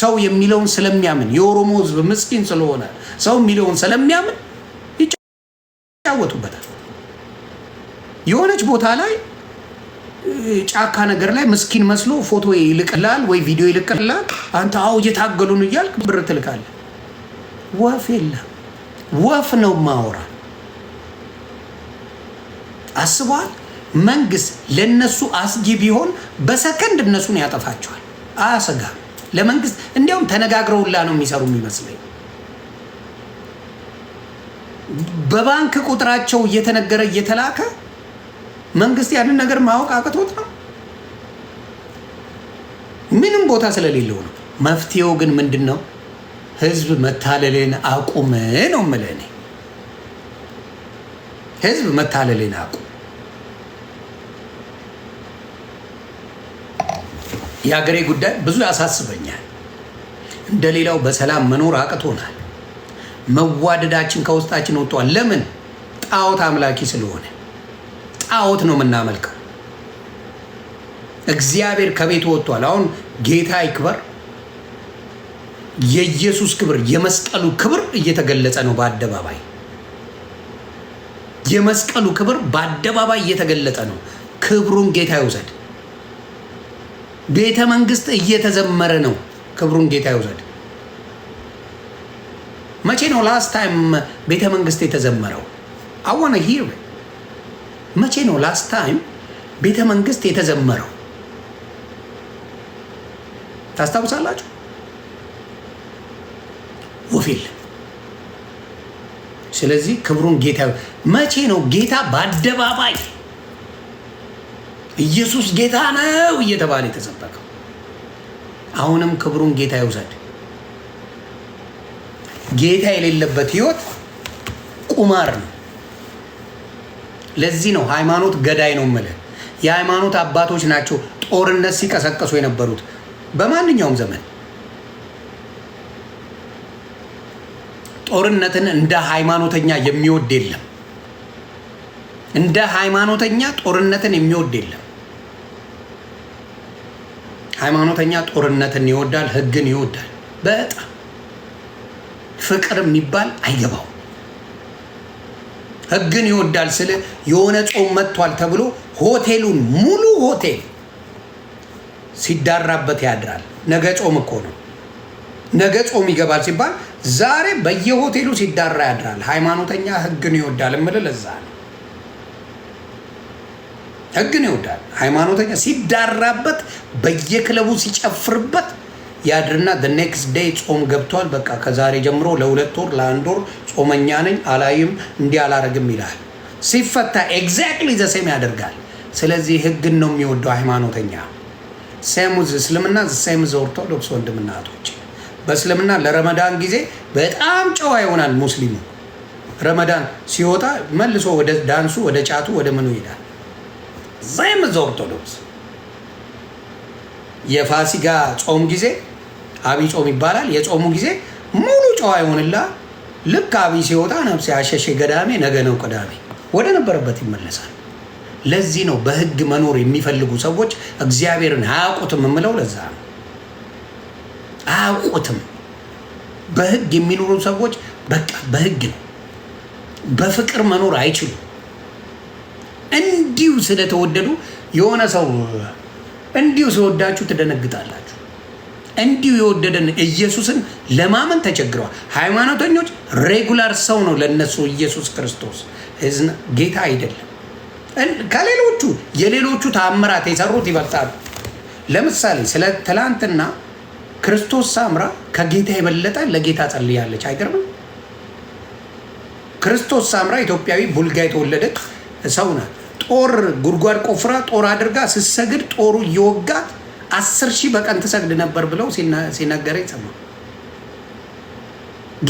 ሰው የሚለውን ስለሚያምን የኦሮሞ ህዝብ ምስኪን ስለሆነ ሰው የሚለውን ስለሚያምን ይጫወቱበታል። የሆነች ቦታ ላይ ጫካ ነገር ላይ ምስኪን መስሎ ፎቶ ይልቅላል ወይ ቪዲዮ ይልቅላል። አንተ አው እየታገሉን እያልክ ብር ትልካለህ። ወፍ የለም ወፍ ነው ማወራ አስበዋል። መንግስት ለነሱ አስጊ ቢሆን በሰከንድ እነሱን ያጠፋቸዋል። አያሰጋም። ለመንግስት እንዲያውም ተነጋግረው ነው የሚሰሩ የሚመስለኝ። በባንክ ቁጥራቸው እየተነገረ እየተላከ መንግስት ያንን ነገር ማወቅ አቅቶት ነው። ምንም ቦታ ስለሌለው ነው። መፍትሄው ግን ምንድን ነው? ህዝብ መታለሌን አቁም ነው የምልህ እኔ። ህዝብ መታለሌን አቁም። የሀገሬ ጉዳይ ብዙ ያሳስበኛል። እንደሌላው በሰላም መኖር አቅቶናል። መዋደዳችን ከውስጣችን ወጥቷል። ለምን? ጣዖት አምላኪ ስለሆነ ጣዖት ነው የምናመልከው። እግዚአብሔር ከቤት ወጥቷል። አሁን ጌታ ይክበር። የኢየሱስ ክብር የመስቀሉ ክብር እየተገለጸ ነው በአደባባይ የመስቀሉ ክብር በአደባባይ እየተገለጠ ነው። ክብሩን ጌታ ይውሰድ። ቤተ መንግስት እየተዘመረ ነው። ክብሩን ጌታ ይውሰድ። መቼ ነው ላስት ታይም ቤተ መንግስት የተዘመረው? አዋነ ሂር መቼ ነው ላስት ታይም ቤተ መንግስት የተዘመረው? ታስታውሳላችሁ? ወፍ የለም። ስለዚህ ክብሩን ጌታ መቼ ነው ጌታ በአደባባይ ኢየሱስ ጌታ ነው እየተባለ የተሰበከው። አሁንም ክብሩን ጌታ ይውሰድ። ጌታ የሌለበት ህይወት ቁማር ነው። ለዚህ ነው ሃይማኖት ገዳይ ነው የምልህ። የሃይማኖት አባቶች ናቸው ጦርነት ሲቀሰቀሱ የነበሩት በማንኛውም ዘመን ጦርነትን እንደ ሃይማኖተኛ የሚወድ የለም። እንደ ሃይማኖተኛ ጦርነትን የሚወድ የለም። ሃይማኖተኛ ጦርነትን ይወዳል፣ ህግን ይወዳል። በጣም ፍቅር የሚባል አይገባው። ህግን ይወዳል ስለ የሆነ ጾም መጥቷል ተብሎ ሆቴሉን ሙሉ ሆቴል ሲዳራበት ያድራል። ነገ ጾም እኮ ነው። ነገ ጾም ይገባል ሲባል ዛሬ በየሆቴሉ ሲዳራ ያድራል። ሃይማኖተኛ ህግን ይወዳል የምልህ ለዛ ነው። ህግን ይወዳል። ሃይማኖተኛ ሲዳራበት በየክለቡ ሲጨፍርበት ያድርና ኔክስት ዴይ ጾም ገብቷል። በቃ ከዛሬ ጀምሮ ለሁለት ወር ለአንድ ወር ጾመኛ ነኝ አላይም እንዲህ አላረግም ይላል። ሲፈታ ኤግዛክትሊ ዘሴም ያደርጋል። ስለዚህ ህግን ነው የሚወደው ሃይማኖተኛ። ሴሙዝ እስልምና ሴሙዝ ኦርቶዶክስ ወንድምና እህቶች፣ በእስልምና ለረመዳን ጊዜ በጣም ጨዋ ይሆናል ሙስሊሙ። ረመዳን ሲወጣ መልሶ ወደ ዳንሱ፣ ወደ ጫቱ፣ ወደ ምኑ ይሄዳል። ዘም ኦርቶዶክስ የፋሲጋ ጾም ጊዜ አብይ ጾም ይባላል። የጾሙ ጊዜ ሙሉ ጨዋ ይሆንላ። ልክ አብይ ሲወጣ ነፍሴ አሸሸ ገዳሜ፣ ነገ ነው ቅዳሜ፣ ወደ ነበረበት ይመለሳል። ለዚህ ነው በህግ መኖር የሚፈልጉ ሰዎች እግዚአብሔርን አያውቁትም የምለው ለዛ ነው። አያውቁትም። በህግ የሚኖሩ ሰዎች በቃ በህግ ነው፣ በፍቅር መኖር አይችሉም። እንዲሁ ስለተወደዱ የሆነ ሰው እንዲሁ ስወዳችሁ ትደነግጣላችሁ። እንዲሁ የወደደን ኢየሱስን ለማመን ተቸግረዋል። ሃይማኖተኞች ሬጉላር ሰው ነው ለነሱ ኢየሱስ ክርስቶስ ጌታ አይደለም። ከሌሎቹ የሌሎቹ ታምራት የሰሩት ይበልጣሉ። ለምሳሌ ስለ ትላንትና ክርስቶስ ሳምራ ከጌታ የበለጠ ለጌታ ጸልያለች። አይገርምም? ክርስቶስ ሳምራ ኢትዮጵያዊ ቡልጋ የተወለደች ሰው ናት። ጦር ጉድጓድ ቆፍራ ጦር አድርጋ ስትሰግድ ጦሩ እየወጋት አስር ሺህ በቀን ትሰግድ ነበር ብለው ሲነገረኝ ሰማሁ።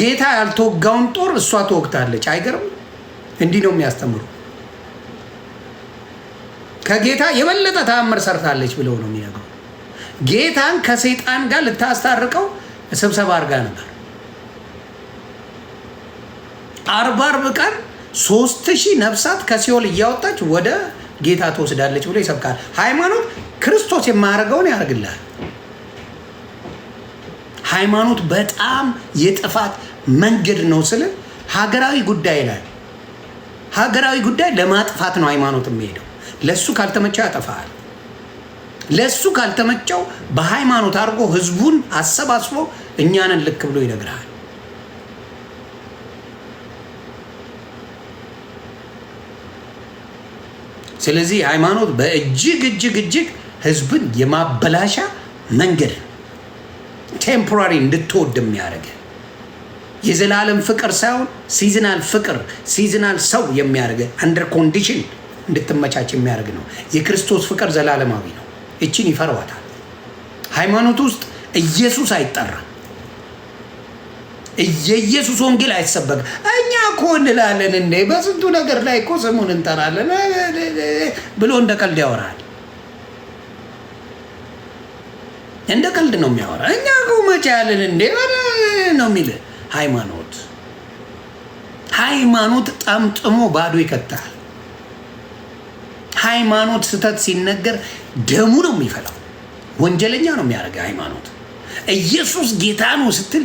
ጌታ ያልተወጋውን ጦር እሷ ትወግታለች። አይገርም? እንዲህ ነው የሚያስተምሩ። ከጌታ የበለጠ ተአምር ሰርታለች ብለው ነው የሚነግሩ። ጌታን ከሰይጣን ጋር ልታስታርቀው ስብሰባ አድርጋ ነበር አርባ አርብ ቀን ሶስት ሺህ ነፍሳት ከሲኦል እያወጣች ወደ ጌታ ትወስዳለች ብሎ ይሰብካል። ሃይማኖት ክርስቶስ የማያደርገውን ያደርግልሃል። ሃይማኖት በጣም የጥፋት መንገድ ነው ስል ሀገራዊ ጉዳይ ላይ ሀገራዊ ጉዳይ ለማጥፋት ነው ሃይማኖት የሚሄደው። ለእሱ ካልተመቸው ያጠፋል። ለእሱ ካልተመቸው በሃይማኖት አድርጎ ህዝቡን አሰባስቦ እኛንን ልክ ብሎ ይነግርሃል። ስለዚህ ሃይማኖት በእጅግ እጅግ እጅግ ህዝብን የማበላሻ መንገድ ቴምፖራሪ እንድትወድ የሚያደርግ የዘላለም ፍቅር ሳይሆን ሲዝናል ፍቅር ሲዝናል ሰው የሚያደርግ አንደር ኮንዲሽን እንድትመቻች የሚያደርግ ነው። የክርስቶስ ፍቅር ዘላለማዊ ነው። እችን ይፈርዋታል። ሃይማኖት ውስጥ ኢየሱስ አይጠራም። የኢየሱስ ወንጌል አይሰበክ። እኛ እኮ እንላለን እንዴ በስንቱ ነገር ላይ እኮ ስሙን እንጠራለን ብሎ እንደ ቀልድ ያወራል። እንደ ቀልድ ነው የሚያወራ። እኛ እኮ መቼ ያለን እንዴ ነው የሚል ሃይማኖት ሃይማኖት ጠምጥሞ ባዶ ይከታል። ሃይማኖት ስተት ሲነገር ደሙ ነው የሚፈላው። ወንጀለኛ ነው የሚያደርገ ሃይማኖት ኢየሱስ ጌታ ነው ስትል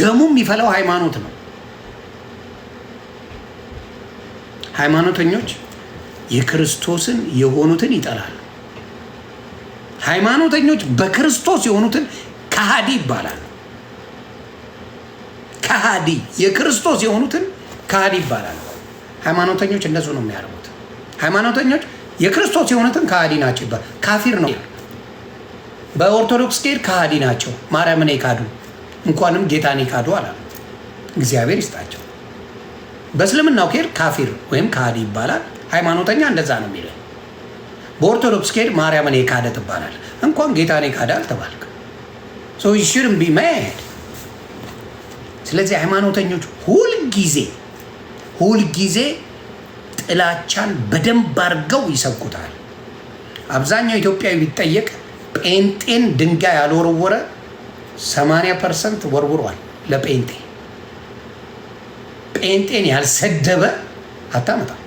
ደሙ የሚፈለው ሃይማኖት ነው። ሃይማኖተኞች የክርስቶስን የሆኑትን ይጠላሉ። ሃይማኖተኞች በክርስቶስ የሆኑትን ከሃዲ ይባላሉ። ከሃዲ የክርስቶስ የሆኑትን ከሃዲ ይባላሉ። ሃይማኖተኞች እንደሱ ነው የሚያደርጉት። ሃይማኖተኞች የክርስቶስ የሆኑትን ከሃዲ ናቸው ይባላል። ካፊር ነው። በኦርቶዶክስ ጌድ ከሃዲ ናቸው። ማርያምን የካዱ እንኳንም ጌታን የካዱ አላ እግዚአብሔር ይስጣቸው። በእስልምናው ኬድ ካፊር ወይም ከሃዲ ይባላል። ሃይማኖተኛ እንደዛ ነው የሚለው። በኦርቶዶክስ ኬድ ማርያምን የካደ ትባላል። እንኳን ጌታን የካደ አልተባልክ። ሰው ቢ ቢመሄድ ስለዚህ ሃይማኖተኞች ሁልጊዜ ሁልጊዜ ጥላቻን በደንብ አድርገው ይሰብኩታል። አብዛኛው ኢትዮጵያዊ ቢጠየቅ ጴንጤን ድንጋይ ያልወረወረ 80 ፐርሰንት ወርውሯል። ለጴንጤ ጴንጤን ያልሰደበ አታመጣም።